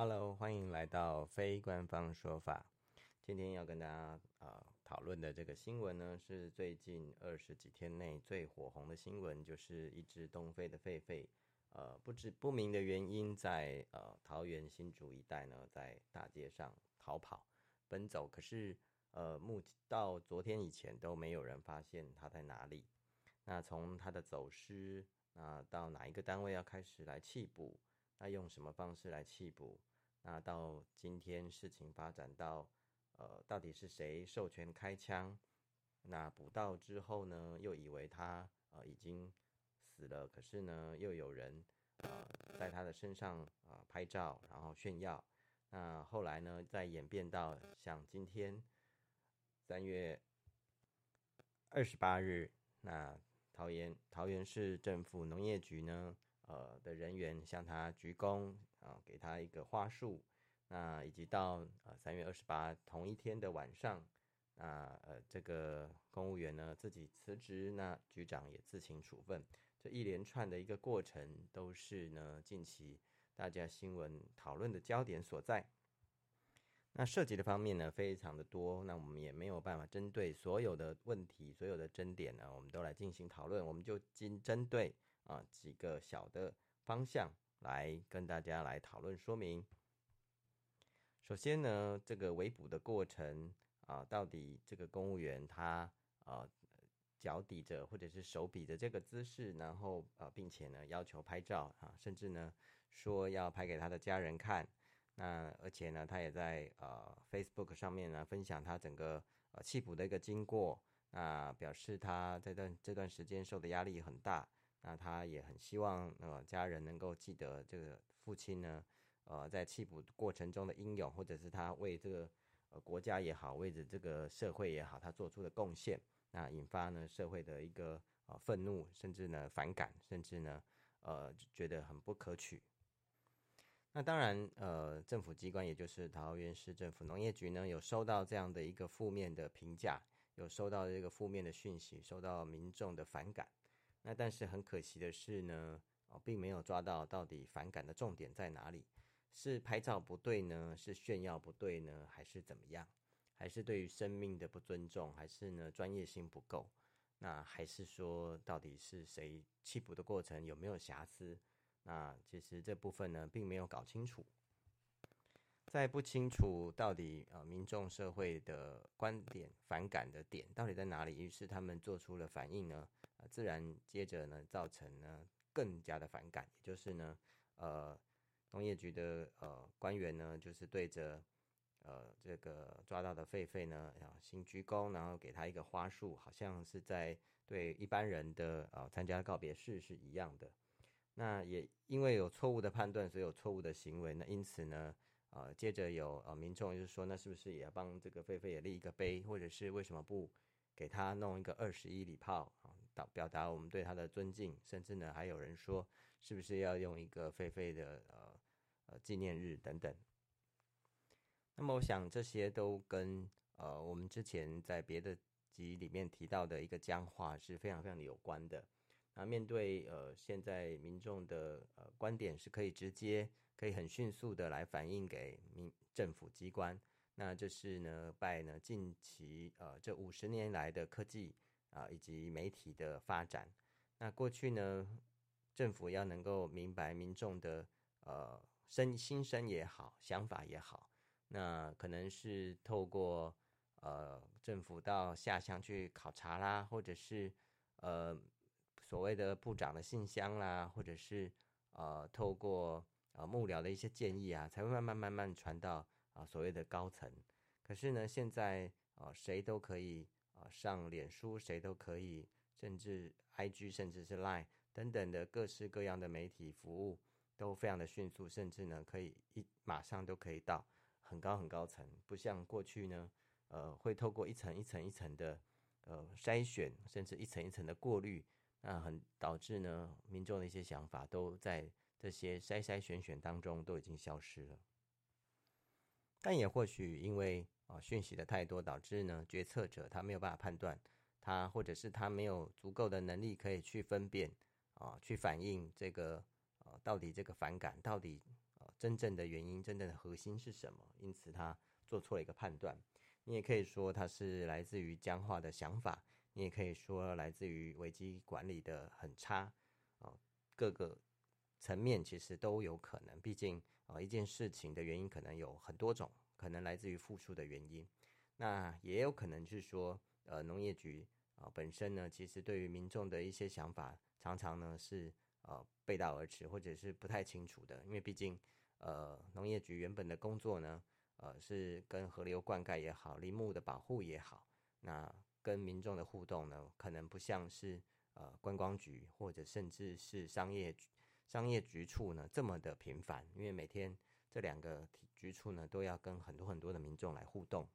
Hello，歡迎來到非官方說法。今天要跟大家呃討論的這個新聞呢，是最近二十幾天內最火紅的新聞，就是一隻東非的狒狒，呃，不知不明的原因在，在呃桃園新竹一帶呢，在大街上逃跑奔走，可是呃，目到昨天以前都沒有人發現它在哪裡。那從它的走失，那、呃、到哪一個單位要開始來緝捕，那用什麼方式來緝捕？那到今天事情發展到，呃，到底是誰授權開槍？那捕到之後呢，又以為他呃已經死了，可是呢，又有人呃在他的身上呃拍照，然後炫耀。那後來呢，再演變到像今天三月二十八日，那桃園桃園市政府農業局呢，呃的人員向他鞠躬。啊，給他一個花束，那以及到呃三月二十八同一天的晚上，那呃這個公務員呢自己辭職，那局長也自行處分，這一連串的一個過程都是呢近期大家新聞討論的焦點所在。那涉及的方面呢非常的多，那我們也沒有辦法針對所有的問題，所有的爭點呢、啊、我們都來進行討論，我們就僅針對啊幾個小的方向。來跟大家來討論說明。首先呢，這個圍捕的過程啊，到底這個公務員他呃、啊、腳抵着或者是手比着這個姿勢，然後呃、啊，並且呢要求拍照啊，甚至呢說要拍給他的家人看。那而且呢，他也在呃、啊、Facebook 上面呢分享他整個、啊、棄捕的一個經過，那表示他這段這段時間受的壓力很大。那他也很希望，呃，家人能夠記得這個父親呢，呃，在棄捕過程中的英勇，或者是他為這個呃國家也好，為着這個社會也好，他做出的貢獻。那引發呢社會的一個呃憤怒，甚至呢反感，甚至呢呃覺得很不可取。那當然，呃，政府機關也就是桃園市政府農業局呢，有收到這樣的一個負面的評價，有收到這個負面的訊息，收到民眾的反感。那但是很可惜的是呢，哦，並沒有抓到到底反感的重點在哪裡，是拍照不對呢，是炫耀不對呢，還是怎麼樣？還是對於生命的不尊重，還是呢專業性不夠？那還是說到底是誰氣捕的過程有沒有瑕疵？那其實這部分呢，並沒有搞清楚。在不清楚到底呃民眾社會的觀點反感的點到底在哪裡，於是他們做出了反應呢，呃、自然接着呢造成呢更加的反感，也就是呢呃農業局的呃官員呢就是對着呃這個抓到的狒狒呢要行鞠躬，然後給他一個花束，好像是在對一般人的啊參、呃、加告別式是一樣的。那也因為有錯誤的判斷，所以有錯誤的行為，那因此呢。呃，接着有呃民眾就是說，那是不是也要幫這個狒狒也立一個碑，或者是為什麼不給他弄一個二十一禮炮啊，表、呃、表達我們對他的尊敬？甚至呢，還有人說，是不是要用一個狒狒的呃呃紀念日等等？那麼我想這些都跟呃我們之前在別的集裡面提到的一個僵化是非常非常的有關的。那面對呃現在民眾的呃觀點是可以直接。可以很迅速的來反映給民政府機關，那這是呢，拜呢近期呃這五十年來的科技啊、呃、以及媒體的發展，那過去呢政府要能夠明白民眾的呃身心聲也好，想法也好，那可能是透過呃政府到下鄉去考察啦，或者是呃所謂的部長的信箱啦，或者是呃透過。啊，幕僚的一些建議啊，才會慢慢慢慢傳到啊所謂的高層。可是呢，現在啊，誰都可以啊上臉書，誰都可以，甚至 IG，甚至是 Line 等等的各式各樣的媒體服務都非常的迅速，甚至呢可以一馬上都可以到很高很高層。不像過去呢，呃，會透過一層一層一層的呃篩選，甚至一層一層的過濾，那很導致呢民眾的一些想法都在。這些篩篩選選當中都已經消失了，但也或許因為啊訊息的太多，導致呢決策者他沒有辦法判斷，他或者是他沒有足夠的能力可以去分辨啊，去反映這個啊到底這個反感到底真正的原因，真正的核心是什麼，因此他做錯了一個判斷。你也可以說他是來自於僵化的想法，你也可以說來自於危機管理的很差啊，各個層面其實都有可能，畢竟啊、呃，一件事情的原因可能有很多種，可能來自於付出的原因，那也有可能是說，呃，農業局啊、呃、本身呢，其實對於民眾的一些想法，常常呢是呃背道而馳，或者是不太清楚的，因為畢竟呃農業局原本的工作呢，呃是跟河流灌溉也好，林木的保護也好，那跟民眾的互動呢，可能不像是呃觀光局或者甚至是商業局。商業局處呢這麼的頻繁，因為每天這兩個局處呢都要跟很多很多的民眾來互動。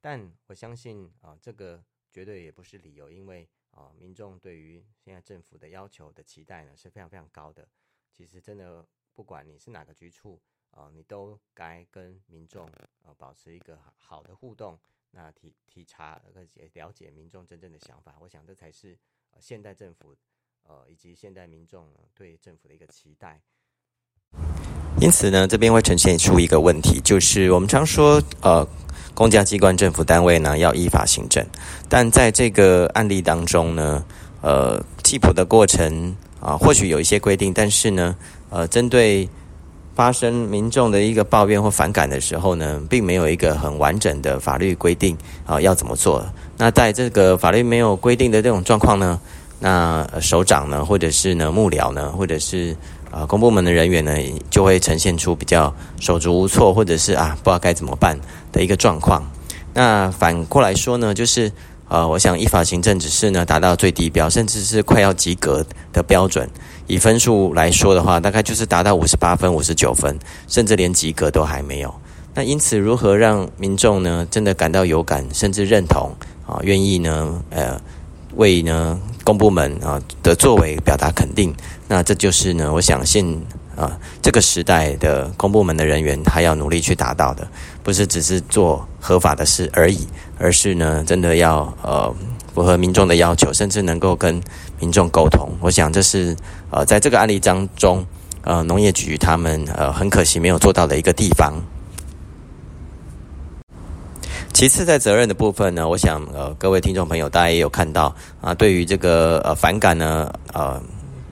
但我相信啊、呃，這個絕對也不是理由，因為啊、呃，民眾對於現在政府的要求的期待呢是非常非常高的。其實真的不管你是哪個局處啊、呃，你都該跟民眾啊、呃、保持一個好的互動，那體體察解了解民眾真正的想法。我想這才是、呃、現代政府。呃，以及現代民眾對政府的一個期待，因此呢，這邊會呈現出一個問題，就是我們常說，呃，公家機關、政府單位呢要依法行政，但在這個案例當中呢，呃，替補的過程啊、呃，或許有一些規定，但是呢，呃，針對發生民眾的一個抱怨或反感的時候呢，並沒有一個很完整的法律規定啊、呃，要怎麼做？那在這個法律沒有規定的這種狀況呢？那、呃、首長呢，或者是呢幕僚呢，或者是啊、呃、公部門的人員呢，就會呈現出比較手足無措，或者是啊不知道該怎麼辦的一個狀況。那反過來說呢，就是呃我想依法行政只是呢達到最低標，甚至是快要及格的標準。以分數來說的話，大概就是達到五十八分、五十九分，甚至連及格都還沒有。那因此，如何讓民眾呢真的感到有感，甚至認同啊，願意呢呃為呢？公部門啊的作為表達肯定，那這就是呢，我相信啊、呃，這個時代的公部門的人員，他要努力去達到的，不是只是做合法的事而已，而是呢，真的要呃符合民眾的要求，甚至能夠跟民眾溝通。我想這是呃在這個案例當中，呃農業局他們呃很可惜沒有做到的一個地方。其次，在責任的部分呢，我想呃，各位聽眾朋友，大家也有看到啊，對於這個呃反感呢，呃，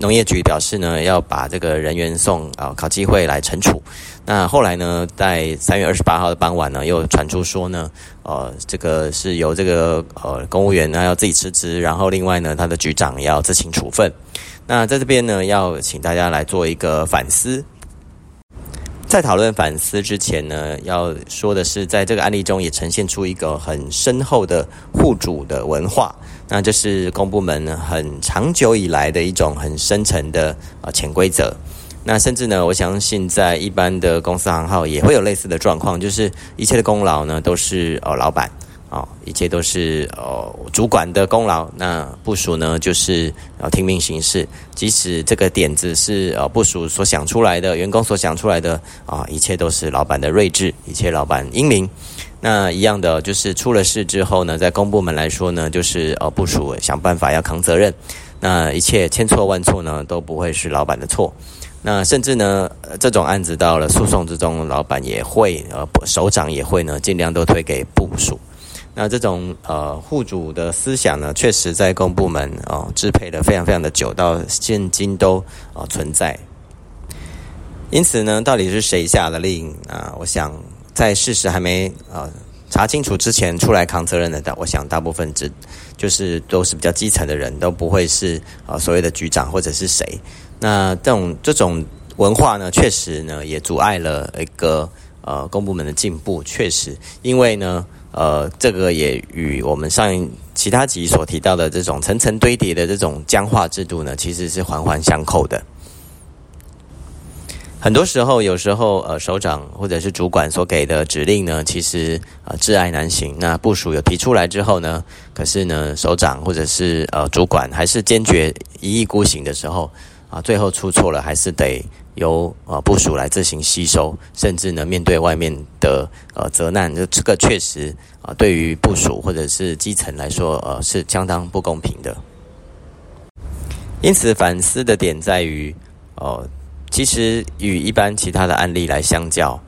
農業局表示呢，要把這個人員送啊、呃、考紀會來懲處。那後來呢，在三月二十八號的傍晚呢，又傳出說呢，呃，這個是由這個呃公務員呢要自己辭職，然後另外呢，他的局長要自請處分。那在這邊呢，要請大家來做一個反思。在討論反思之前呢，要說的是，在這個案例中也呈現出一個很深厚的戶主的文化。那這是公部門很長久以來的一種很深沉的呃潛規則。那甚至呢，我相信在一般的公司行號也會有類似的狀況，就是一切的功勞呢，都是哦老板。啊，一切都是呃主管的功勞。那部屬呢，就是呃聽命行事。即使這個點子是呃部屬所想出來的，員工所想出來的啊，一切都是老闆的睿智，一切老闆英明。那一樣的，就是出了事之後呢，在公部門來說呢，就是呃部屬想辦法要扛責任。那一切千錯萬錯呢，都不會是老闆的錯。那甚至呢，這種案子到了訴訟之中，老闆也會呃首長也會呢，盡量都推給部屬。那這種呃戶主的思想呢，確實在公部門啊、呃、支配的非常非常的久，到現今都啊、呃、存在。因此呢，到底是誰下的令啊、呃，我想在事實還沒啊、呃、查清楚之前，出來扛責任的，我想大部分只就是都是比較基層的人，都不會是啊、呃、所謂的局長或者是誰。那這種這種文化呢，確實呢也阻礙了一個呃公部門的進步。確實，因為呢。呃，這個也與我們上其他集所提到的這種層層堆疊的這種僵化制度呢，其實是環環相扣的。很多時候，有時候呃，首長或者是主管所給的指令呢，其實呃，窒礙難行。那部屬有提出來之後呢，可是呢，首長或者是呃主管還是堅決一意孤行的時候啊，呃，最後出錯了，還是得。由呃部屬來自行吸收，甚至呢，面對外面的呃責難，這這個確實啊、呃、對於部屬或者是基層來說，呃是相當不公平的。因此反思的點在於，呃其實與一般其他的案例來相較，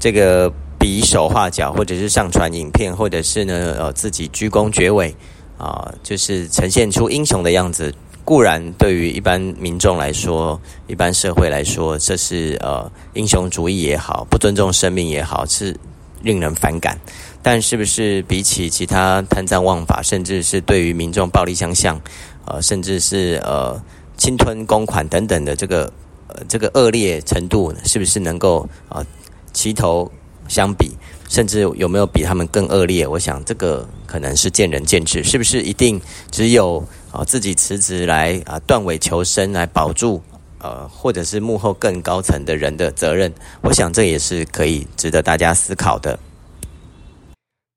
這個比手畫腳，或者是上傳影片，或者是呢呃自己鞠躬結尾，啊、呃、就是呈現出英雄的樣子。固然，對於一般民眾來說，一般社會來說，這是呃英雄主義也好，不尊重生命也好，是令人反感。但是不是比起其他貪贓枉法，甚至是對於民眾暴力相向，呃，甚至是呃侵吞公款等等的這個呃這個惡劣程度，是不是能夠呃齊頭相比，甚至有沒有比他們更惡劣？我想這個可能是見仁見智，是不是一定只有？啊、哦，自己辭職來啊，斷尾求生來保住呃，或者是幕後更高層的人的責任，我想這也是可以值得大家思考的。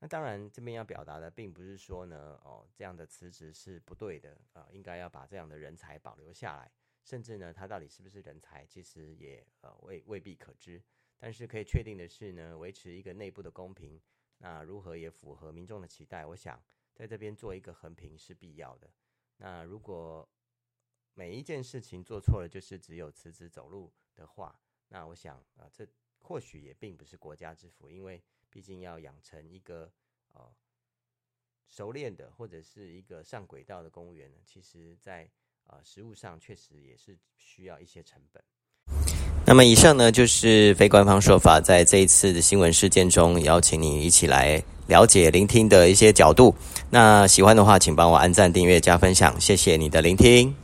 那當然，這邊要表達的並不是說呢，哦，這樣的辭職是不對的啊、呃，應該要把這樣的人才保留下來。甚至呢，他到底是不是人才，其實也呃未未必可知。但是可以確定的是呢，維持一個內部的公平，那如何也符合民眾的期待，我想在這邊做一個衡平是必要的。那如果每一件事情做錯了，就是只有辭職走路的話，那我想啊、呃，這或許也並不是國家之福，因為畢竟要養成一個呃熟練的或者是一個上軌道的公務員呢，其實在啊實務上確實也是需要一些成本。那麼以上呢，就是非官方說法，在這一次的新聞事件中，邀請你一起來了解、聆聽的一些角度。那喜歡的話，請幫我按讚、訂閱、加分享，謝謝你的聆聽。